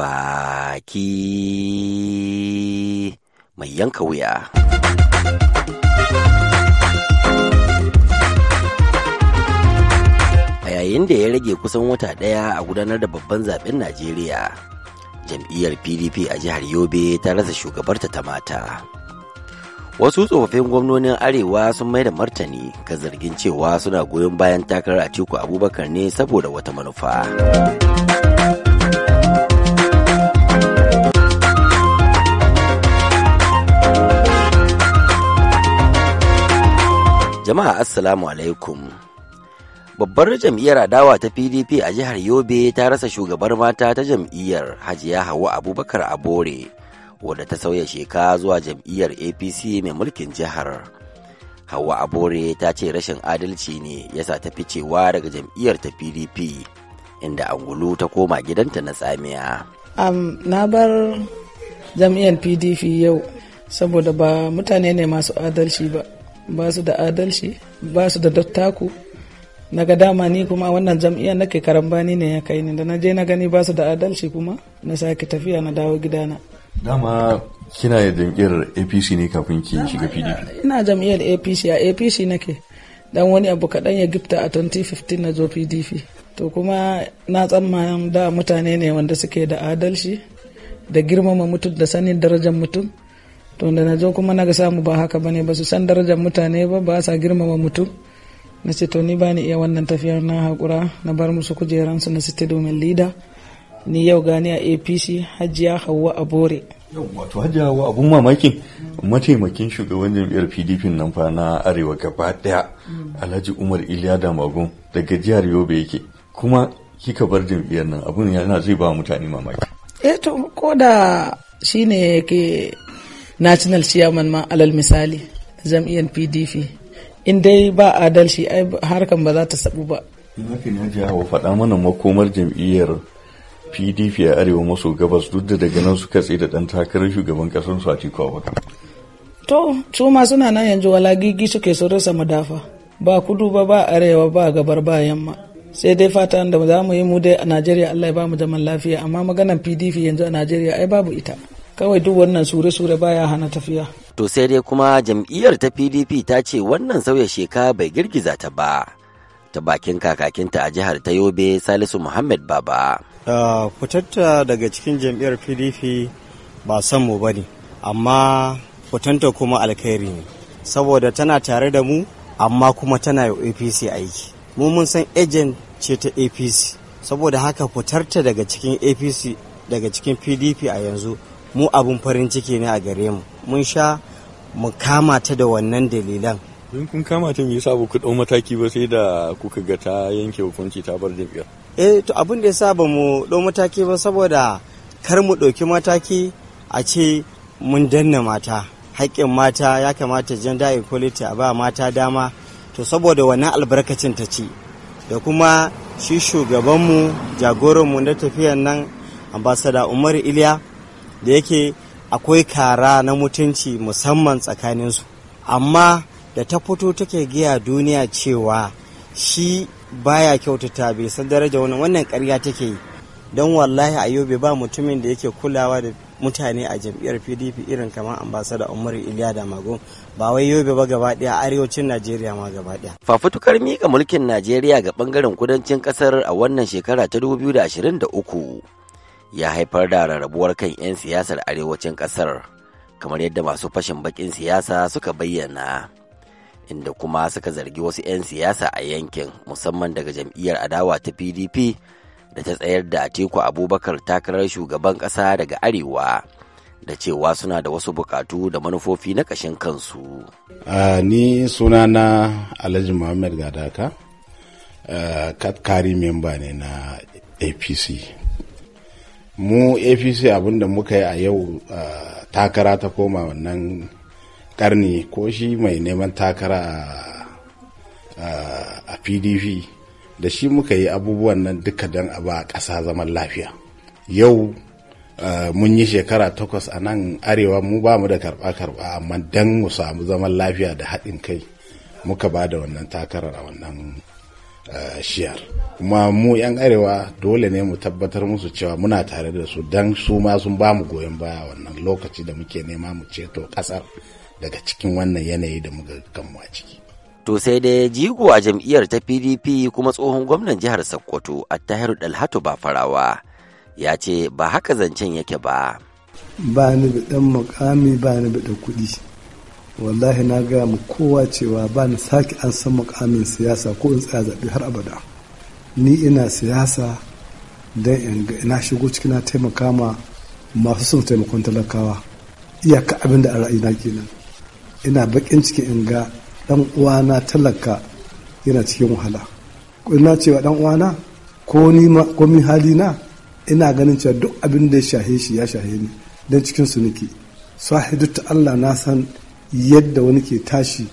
baki mai yanka wuya. A yayin da ya rage kusan wata ɗaya a gudanar da babban zaben Najeriya, jam'iyyar PDP a jihar Yobe ta rasa shugabarta ta mata. Wasu tsofaffin gwamnonin Arewa sun mai da martani ga zargin cewa suna goyon bayan takarar Atiku Abubakar ne saboda wata manufa. Jama'a Assalamu alaikum. Babbar jam'iyyar adawa ta PDP a jihar Yobe ta rasa shugabar mata ta jam'iyyar Hajiya Hauwa Abubakar Abore, wadda ta sauya sheka zuwa jam'iyyar APC mai mulkin jihar. hawa Abore ta ce rashin adalci ne yasa ta ficewa daga jam'iyyar ta PDP, inda angulu ta koma gidanta na tsamiya. Um, na bar jam'iyyar PDP yau, saboda ba mutane ne masu adalci ba. ba su da adalci ba su da dattaku naga dama ni kuma wannan jam'iyyar nake karambani ne ya kai ni da na je na gani ba su da adalci kuma na sake tafiya na dawo gidana dama kina yi jam'iyyar apc ne kafin ki shiga pdp ina jam'iyyar apc a apc nake dan wani abu kaɗan ya gifta a 2015 na zo pdp to kuma na tsammanin da mutane ne wanda suke da adalci da girmama mutum da sanin darajar mutum to da na zo kuma na ga samu ba haka bane ba su san darajar mutane ba ba sa girmama mutum na ce to ni ba ni iya wannan tafiyar na hakura na bar musu su na city domin lida ni yau gani a apc hajiya hawa abore wato hajiya hawa abun mamaki mataimakin shugaban jam'iyyar pdp nan fa na arewa gaba daya alhaji umar iliya damagun daga jihar yobe yake kuma kika bar jam'iyyar nan abun yana zai ba mutane mamaki eh to ko da shine ke. national chairman ma alal misali jam'iyyar pdp in dai ba adalci ai harkan ba za ta sabu ba in ne hajiya wa faɗa mana makomar jam'iyyar pdp a arewa maso gabas duk da daga nan suka tsaye da ɗan takarar shugaban ƙasar su a ciko abubakar to su ma suna nan yanzu wala gigi suke su rasa madafa ba kudu ba ba arewa ba gabar ba yamma sai dai fatan da za mu yi mu dai a najeriya allah ya ba mu zaman lafiya amma maganar pdp yanzu a najeriya ai babu ita kawai duk wannan sure-sure baya hana tafiya to sai dai kuma jam'iyyar ta pdp ta ce wannan sauya sheka bai girgiza ta ba ta bakin kakakinta a jihar ta yobe salisu muhammad baba ah, fitatta daga cikin jam'iyyar pdp ba san mu bane amma fitanta kuma alkhairi ne saboda tana tare da mu amma kuma tana yau apc aiki mu mun san ejen ce ta apc saboda haka fitarta daga cikin apc daga cikin pdp a yanzu mu abun farin ciki ne a gare mu mun sha mu kama ta da wannan dalilan in kun kama ta me yasa ku dau mataki ba sai da kuka ga ta yanke hukunci ta bar jami'a eh to abin da yasa ba mu dau mataki ba saboda kar mu ɗauki mataki a ce mun danna mata haƙƙin mata ya kamata gender equality a ba mata dama to saboda wannan albarkacin ta ci da kuma shi shugabanmu jagoranmu na tafiyan nan ambasada umaru iliya da yake akwai kara na mutunci musamman tsakaninsu amma da ta fito take gaya duniya cewa shi baya kyautata bai san daraja wani wannan karya take yi don wallahi a yobe ba mutumin da yake kulawa da mutane a jam'iyyar pdp irin kamar ambasada umar iliya da mago ba wai yobe ba gaba daya arewacin najeriya ma gaba daya fafutukar miƙa mulkin najeriya ga bangaren kudancin kasar a wannan shekara ta 2023 ya haifar da rarrabuwar kan 'yan siyasar arewacin kasar kamar yadda masu fashin bakin siyasa suka bayyana inda kuma suka zargi wasu 'yan siyasa a yankin musamman daga jam'iyyar adawa ta pdp da ta tsayar da teku abubakar takarar shugaban kasa daga arewa da cewa suna da wasu bukatu da manufofi na ƙashin kansu ni suna na alhaji muhammad gadaka kari memba ne na apc mu apc abinda muka yi a yau takara ta koma wannan karni ko shi mai neman takara a pdp da shi muka yi abubuwan nan duka don a ba ƙasa zaman lafiya yau mun yi shekara takwas a nan arewa mu ba mu da karɓa-karɓa amma don mu samu zaman lafiya da haɗin kai muka ba da wannan takarar a wannan shiyar kuma mu 'yan arewa dole ne mu tabbatar musu cewa muna tare da su don su ma sun ba mu goyon baya wannan lokaci da muke nema mu ceto kasar daga cikin wannan yanayi da muka kanmu a ciki to sai dai jigo a jam'iyyar ta pdp kuma tsohon gwamnan jihar sokoto tahiru dalhatu ba farawa ya ce ba haka zancen yake ba ba ni da dan mukami ba ni da kuɗi wallahi na gaya mu kowa cewa ba ni sake an san mukamin siyasa ko in tsaya zaɓe har abada ni ina siyasa don ina shigo cikin na taimaka ma masu son taimakon talakawa iyaka abin da a ra'ayina kenan ina baƙin ciki in ga ɗan uwana talaka yana cikin wahala ina cewa ɗan uwana ko ni ko min halina ina ganin cewa duk abin da ya shahe shi ya shahe ni don cikin su nake sahidu ta Allah na san yadda wani ke tashi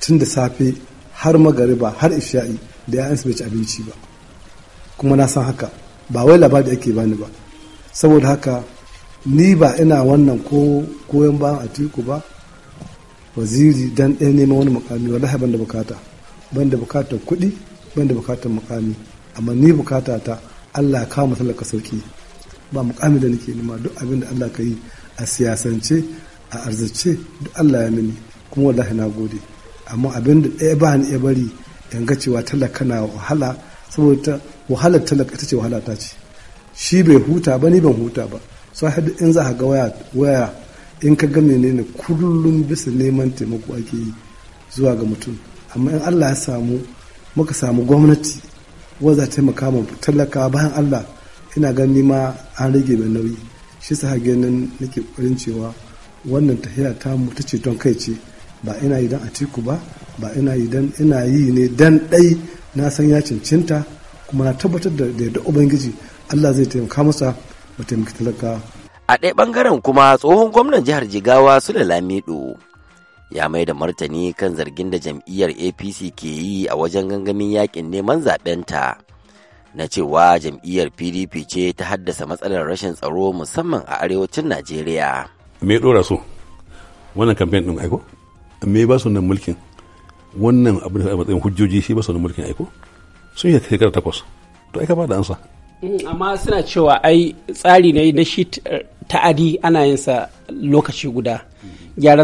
tun da safe har magariba har isha'i da ya'yansu bai ci abinci ba kuma na san haka ba wai labari ake bani ba saboda haka ni ba ina wannan ko koyon a tiku ba waziri dan ɗaya neman wani mukami wallahi ban da bukata ban da kuɗi ban da mukami amma ni bukata ta Allah kawo masalaka sauki ba mukami da nake nema duk abin da Allah ka yi a siyasance a arzice duk Allah ya mini kuma wallahi na gode amma abin da ɗaya ba ni bari in ga cewa talaka na wahala saboda wahala talaka ita ce wahala ta ce shi bai huta ba ni ban huta ba so in za ka ga waya waya in ka ga menene kullum bisa neman taimako ake yi zuwa ga mutum amma in Allah ya samu muka samu gwamnati wadda ta taimaka mu talaka bayan Allah ina ganin ma an rage mai nauyi shi sa ganin nake ƙoƙarin cewa wannan tahiya ta mu ta ceton kai ce ba ina yi don atiku ba ba ina yi don ina yi ne dan ɗai na san ya cancanta. kuma na tabbatar da yadda ubangiji allah zai taimaka masa ba taimaki talaka a ɗaya ɓangaren kuma tsohon gwamnan jihar jigawa sule lamido ya mai da martani kan zargin da jam'iyyar apc ke yi a wajen gangamin yakin neman zaɓenta na cewa jam'iyyar pdp ce ta haddasa matsalar rashin tsaro musamman a arewacin najeriya me dora su wannan campaign din aiko me ba su nan mulkin wannan abu da matsayin hujjoji shi ba su nan mulkin aiko sun yi shekara takwas to aika ba da ansa mm, amma suna cewa ai tsari ne na shi eh, ta'adi ana yin sa lokaci guda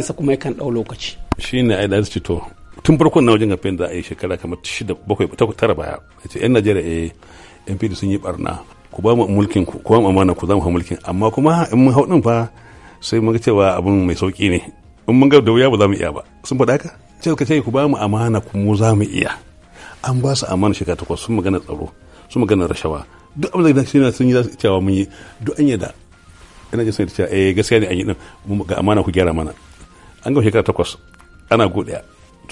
sa kuma yakan ɗau lokaci shi ne ai da su to tun farkon na wajen campaign da ai shekara kamar shida bakwai tara baya ce yan najeriya eh MP sun yi barna ku ba mu mulkin ku ku ba mu amana ku za mu mulkin amma kuma in mun hau din fa sai mun cewa abin mai sauki ne in mun ga da wuya ba za mu iya ba sun faɗa ka sai ka ce ku ba mu amana ku mu za mu iya an ba su amana shekara takwas sun magana tsaro sun magana rashawa duk abin da shi sun yi za su cewa mun yi duk an yadda ina jin ta cewa eh gaskiya ne an yi din ga amana ku gyara mana an ga shekara takwas ana godiya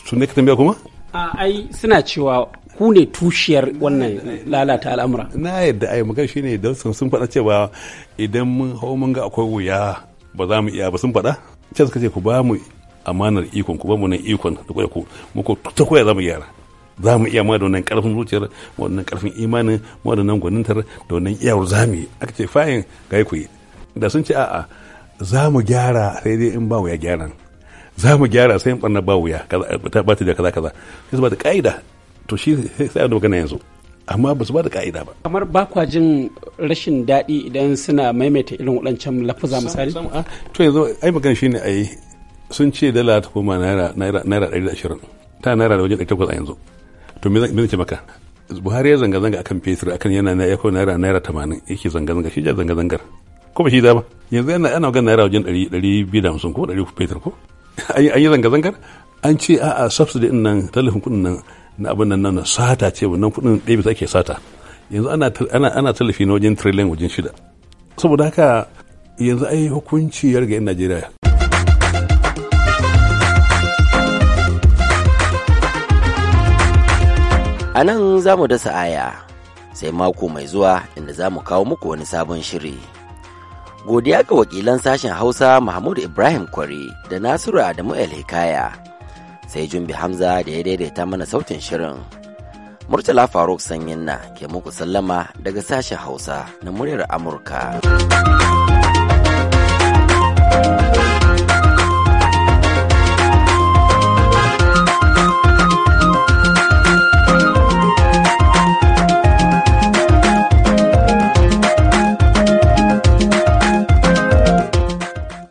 sun ne ka tambaya kuma a ai suna cewa ku ne tushiyar wannan lalata al'amura na yadda ai magana shine da sun faɗa cewa idan mun hau mun ga akwai wuya ba za mu iya ba sun faɗa sai suka ce ku ba mu amanar ikon ku ba mu nan ikon da kuɗa ku muku ta koya za mu gyara za mu iya ma da wannan karfin zuciyar wannan karfin imanin ma da wannan gwanintar da wannan iyawar za mu yi aka ce fayin ga ku yi da sun ce a'a za mu gyara sai dai in ba wuya gyara za mu gyara sai in barna ba wuya ta ba ta da kaza kaza sai su ba ta ka'ida to shi sai a magana yanzu amma ba su ba da ka'ida ba kamar ba kwa jin rashin daɗi idan suna maimaita irin waɗancan lafuza misali to yanzu ai magana shine ai sun ce dala ta koma naira naira ɗari da ashirin ta naira da wajen ɗari takwas a yanzu to me zan ce maka buhari ya zanga-zanga akan fetur akan yana na ya naira naira tamanin yake zanga-zanga shi ja zanga-zangar ko ba shi da ba yanzu yana yana magana naira wajen ɗari ɗari biyu da hamsin ko ɗari fetur ko an yi zanga-zangar an ce a'a subsidy ɗin nan talafin kuɗin nan na abin nan nan sata ce wannan kudin ɗaya bisa ake sata yanzu ana ana ana tallafi na wajen trillion wajen shida saboda haka yanzu ai hukunci ya 'yan Najeriya A nan za mu dasa aya sai mako mai zuwa inda za mu kawo muku wani sabon shiri. Godiya ga wakilan sashen Hausa Mahmud Ibrahim Kwari da Nasiru Adamu El Hikaya. sai jumbi hamza da ya daidaita mana sautin shirin murtala faruk sanyin na ke muku sallama daga sashen hausa na muryar amurka